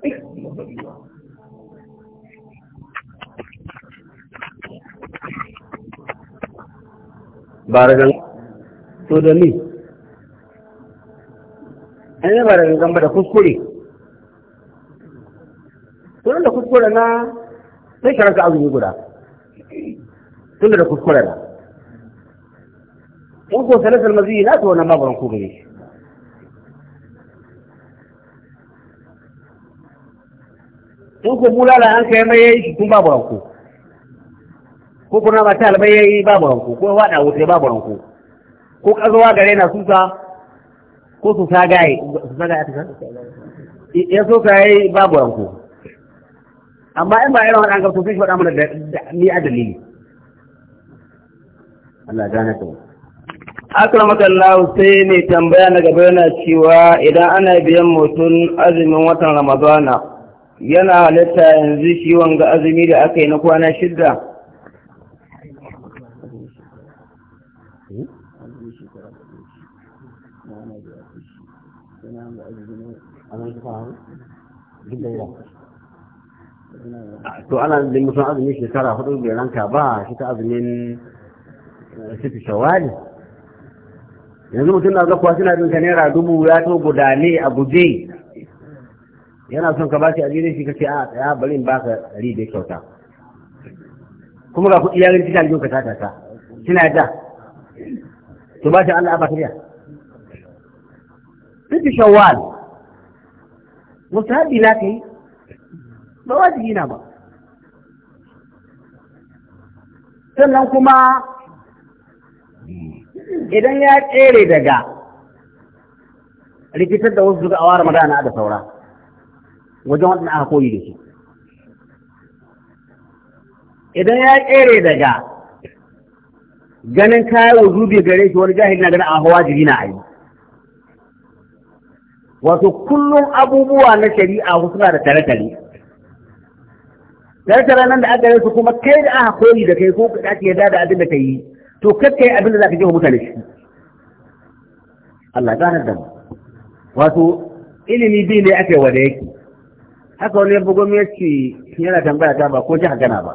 ba to da ni an yi ba gamba ba da kuskure tun da kuskure na sai ranka azumi guda tun da kuskure na in ko salatar mazi na to wannan babu ranku gare shi in ko bulala an kai mai yayi shi kun babu ranko ko kuna ba talibai yayi babu ranko ko wada wuce babu ranko ko kazuwa gare na susa ko su sagaye su sagaye ta ya so ka babu ranko amma in ba irin waɗanda to sai shi faɗa mana da ni a dalili Allah ya gane ta akramaka Allah sai ne tambaya na gaba yana cewa idan ana biyan mutum azumin watan Ramadana yana halitta yanzu shi wanga azumi da aka yi na kwana shidda to ana da mutum azumin shekara hudu bai ranka ba shi ta azumin sifi shawali yanzu mutum na zakuwa suna jinka naira dubu ya to guda ne a guje yana son ka bashi ajirin shi kace a tsaya bari in baka ɗari da kyauta kuma ga kuɗi yarin cikin aljihun ka tata ta kina da to ba shi Allah ba kariya duk shawwal mustahabi na kai ba wajibi na ba sannan kuma idan ya tsere daga rikitar da wasu zuwa awa ramadana da saura wajen waɗanda aka koyi da su idan ya tsere daga ganin kayan wuzubi gare shi wani jahil na ganin a hawa jiri na ayi wato kullum abubuwa na shari'a wasu na da tare-tare tare-tare nan da aka yi su kuma kai da aka koyi da kai ko ka dace ya da abin da ka yi to kakka yi abin da za ka jefa mutane shi Allah ganar da wato ilimi biyu ne aka yi wa da yake haka wani ya bugo ya ce yana tambaya ta ba ko ji hagana ba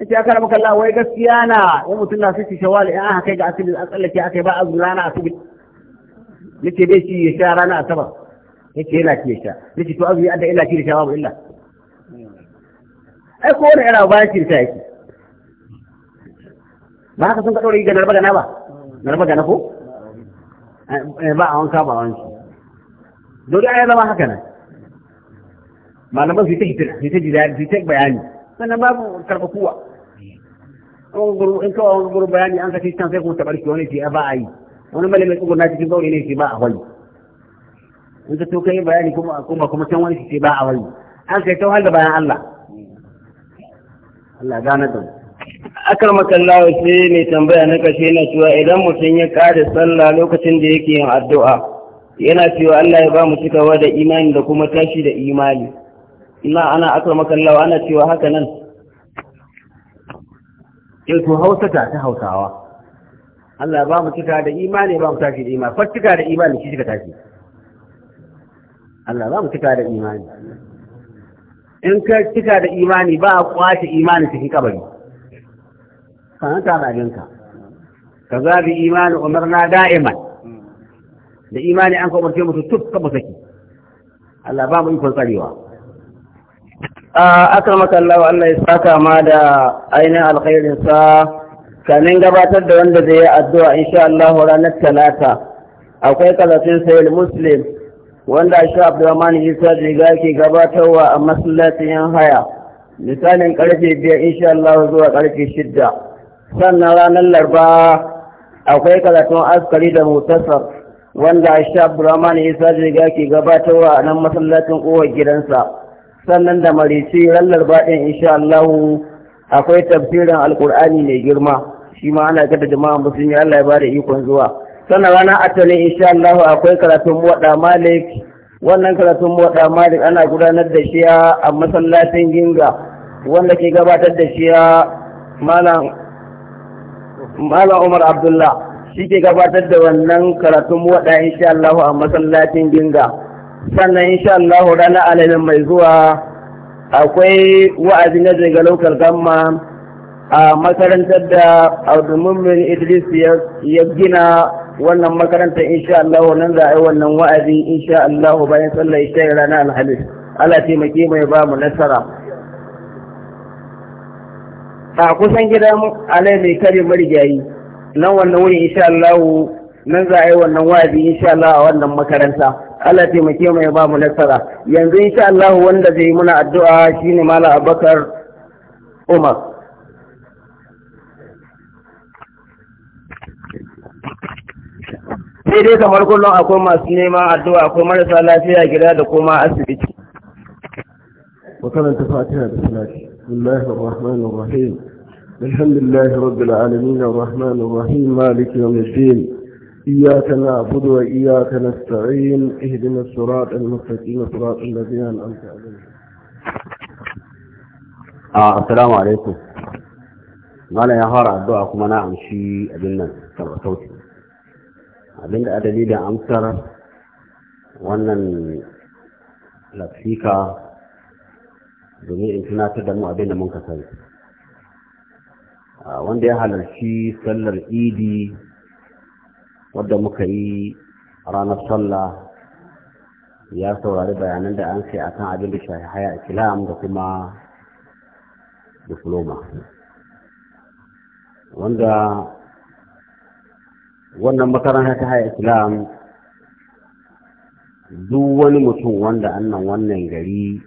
in ce aka rabu kalla wai gaskiya na ya mutum na suke shawali in aka kai ga asibiti a tsallake aka yi ba azumi rana asibiti ya ce dai shi ya sha rana asabar ya ce yana ki ya sha ya ce to azumi an da illa ki da sha babu illa ai ko wani yana ya ki da sha yake ba haka sun ka ɗaure ga narba gana ba narba gana ko eh, ba a wanka ba wanki dole ya zama haka nan malaman su ta hitina su ta su ta bayani sannan babu karɓa kuwa in kawai wani gurin bayani an sake can sai kuma taɓar ki wani ce ba a yi wani malamin tsugur na cikin gauri ne shi ba a wani in ka tokayi bayani kuma kuma kuma can wani ce ba a wani an kai ta da bayan Allah Allah gane da akar makalla wace ne tambaya na kashe na cewa idan mutum ya kada sallah lokacin da yake yin addu'a yana cewa Allah ya ba mu cikawa da imani da kuma tashi da imani ina ana akramaka Allah ana cewa haka nan eh to Hausa ta ta Hausawa Allah ba mu cika da imani ba mu tashi da imani fa cika da imani shi shiga tashi Allah ba mu cika da imani in ka cika da imani ba a kwace imani cikin kabari sanan ta rajinka ka zabi imani na da'iman da imani an ka umarce mutu tuk ka musaki Allah ba mu ikon tsarewa akramaka Allah Allah ya saka ma da ainihin alkhairin sa kamin gabatar da wanda zai yi addu'a insha Allah ranar talata akwai kalafin sayil muslim wanda shi abdurrahman Isa riga ke gabatarwa a masallacin yan haya misalin karfe biyar insha Allah zuwa karfe shidda sannan ranar larba akwai karatun askari da mutasar wanda shi abdurrahman Isa riga ke gabatarwa a nan masallacin kowar gidansa sannan da marisi rallar baɗin insha Allah akwai tafsirin alkur'ani mai girma shi ma ana da jama'a musulmi Allah ya bada ikon zuwa sannan ranar atalin insha Allah akwai karatun muwaɗa malik wannan karatun muwaɗa malik ana gudanar da shi a masallacin ginga wanda ke gabatar da shi a malam umar abdullah shi ke gabatar da wannan karatun muwaɗa insha Allah a masallacin ginga sannan insha Allah ranar alamin mai zuwa akwai wa'azi na daga lokal gamma a makarantar da abdulmumin idris ya gina wannan makarantar insha Allah nan za a yi wannan wa'azi insha Allah bayan sallar isha ranar alhamis Allah taimake mai ba mu nasara a kusan gidan alai mai kare marigayi nan wannan wuri insha Allah nan za a yi wannan wa'azi insha Allah a wannan makaranta Allah taimake mu ya ba mu nasara yanzu insha Allah wanda zai muna addu'a shine Malam Abubakar Umar sai dai kamar kullum akwai masu neman addu'a akwai marasa lafiya gida da kuma asibiti وكانت فاتحة بسلاك بسم الله الرحمن الرحيم الحمد لله رب العالمين الرحمن الرحيم مالك يوم الدين إياك نعبد وإياك نستعين اهدنا الصراط المستقيم صراط الذين أنعمت عليهم آه السلام عليكم malam ya fara addu'a kuma na amshi abin nan sauti abin da adali da amsar wannan lasika domin in tunatar da mu abin da mun kasance wanda ya halarci sallar idi wadda muka yi ranar sallah ya saurari bayanan da an sai kan abin da shafi haya islam da kuma diploma wanda wannan makaranta ta haya islam duk wani mutum wanda annan wannan gari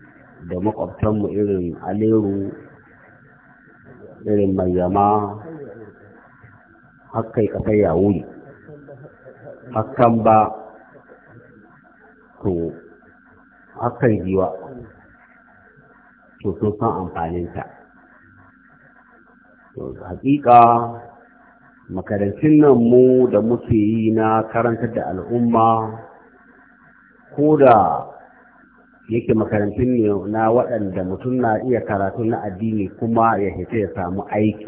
da makwabtanmu irin aleru irin mai zama hakkai kasar yawuri hakan ba to hakan giwa to sun san amfaninta to hakika makarantun nan mu da muke yi na karantar da al'umma ko da yake makarantun ne na waɗanda mutum na iya karatu na addini kuma ya hita ya samu aiki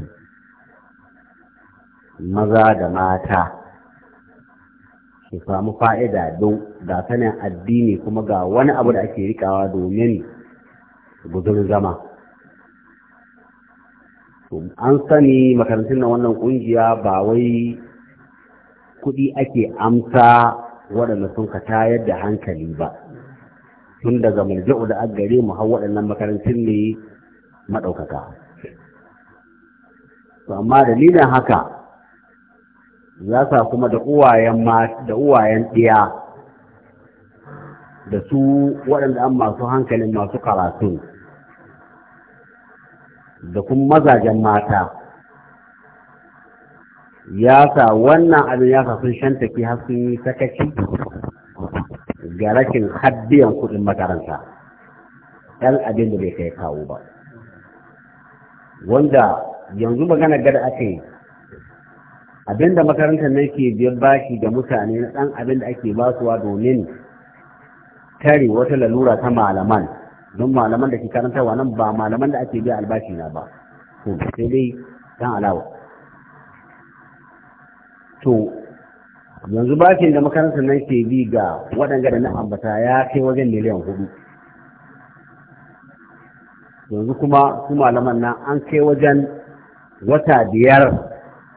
maza da mata su samu fa'ida don ga sanin addini kuma ga wani abu da ake rikawa domin guzurin zama an sani makarantun na wannan ƙungiya ba wai kuɗi ake amsa waɗanda sun ka tayar da hankali ba tun daga marja'u da gare mu hau waɗannan makarantun ne maɗaukaka amma dalilin haka za sa kuma da uwayen da uwayen ɗiya da su waɗanda an masu hankalin masu karatu da kuma mazajen mata ya sa wannan abin ya sa sun shanta ke sun yi sakaci ga rashin haddiyan kuɗin makaranta ɗan abin da bai kai kawo ba wanda yanzu magana gada ake abinda makarantar nan ke biyan bashi da mutane na ɗan abin da ake basuwa domin tare wata lalura ta malaman don malaman da ke karantarwa nan ba malaman da ake biya albashi na ba to sai dai dan alawa to yanzu bashin da makarantar nan ke bi ga waɗanda na ambata ya kai wajen miliyan hudu yanzu kuma su malaman nan an kai wajen wata biyar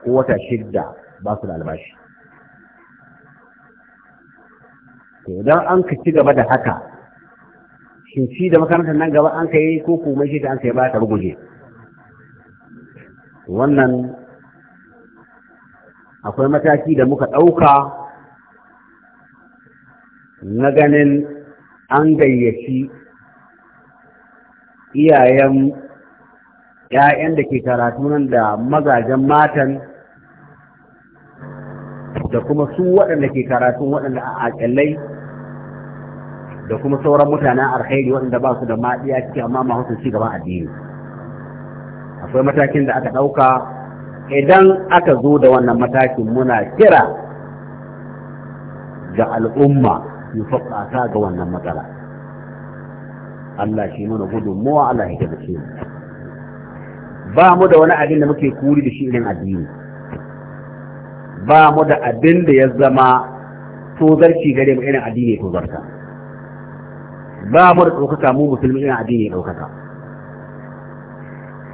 ko wata shidda ba su da albashi to idan an ka ci gaba da haka shin ci da makarantar nan gaba an ka yi ko kuma shi da an ka yi ba ta ruguje wannan akwai mataki da muka ɗauka na ganin an gayyaci iyayen ‘ya'yan da ke karatu nan da mazajen matan da kuma su waɗanda ke karatun waɗanda a aƙallai da kuma sauran mutanen alkhairi waɗanda ba su da maɗiya ciki amma ma su ci gaban addini akwai matakin da aka ɗauka idan aka zo da wannan matakin muna kira ga al'umma yi ta ga wannan matsala Allah shi mana gudunmuwa Allah ya ba mu da wani abin da muke kuri da shi irin addini ba mu da abin da ya zama tozarci gare mu irin addini tozarta ba mu da ɗaukaka mu musulmi irin addini ɗaukaka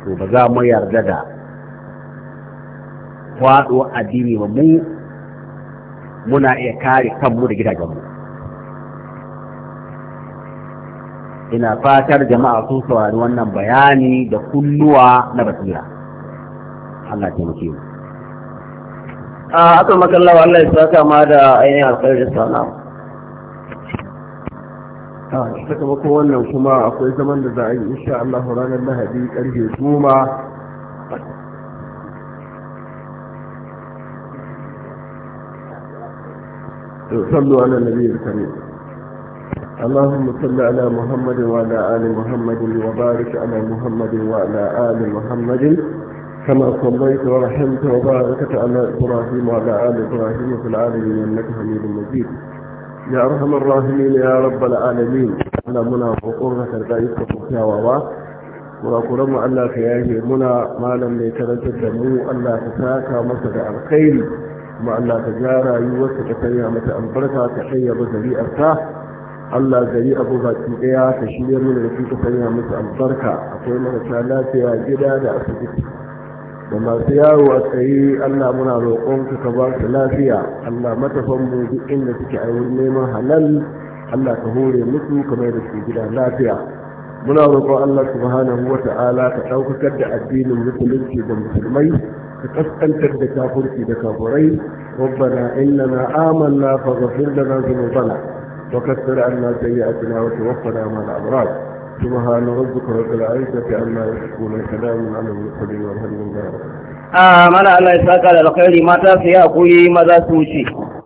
to ba za mu yarda da faɗo addini ba mu muna iya kare kanmu da gidajenmu ina fatar jama'a sun saurari wannan bayani da kunnuwa na basira Allah taimake mu a aka makalla wa Allah ya saka ma da ainihin alkhairin sana a sakamakon wannan kuma akwai zaman da za a yi insha Allah ranar lahadi ƙarfe goma صلوا على النبي الكريم اللهم صل على محمد وعلى ال محمد وبارك على محمد وعلى ال محمد كما صليت ورحمت وباركت على ابراهيم وعلى ال ابراهيم في العالمين انك حميد مجيد يا ارحم الراحمين يا رب العالمين على منى وقرنا كرقائك وفيا وواك ونقول لهم الا فيه منى ما لم يترك الدم الا تساكى مسجد الخيل ما الا تجارى يوسك تريع متى تحية تحيض زري ارتاح الا زري ابو ذاتي تشير من رفيق تريع متى اقول لك لا يا جدا لا da masu yawo a tsaye allah muna roƙonka ka ba su lafiya allah matafan mu duk inda suke a wurin neman halal allah ka hore musu kamar da su gida lafiya muna roƙon allah subhanahu wa ta'ala ka ɗaukakar da addinin musulunci da musulmai ka kaskantar da kafurci da kafurai ربنا إننا آمنا فاغفر لنا ذنوبنا وكفر عنا سيئاتنا وتوفنا مع الأبرار سبحان ربك رب العزة عما يشكون سلام على المرسلين والحمد لله آمن الله يسعدك على الخير ما تاسي أقولي ماذا توشي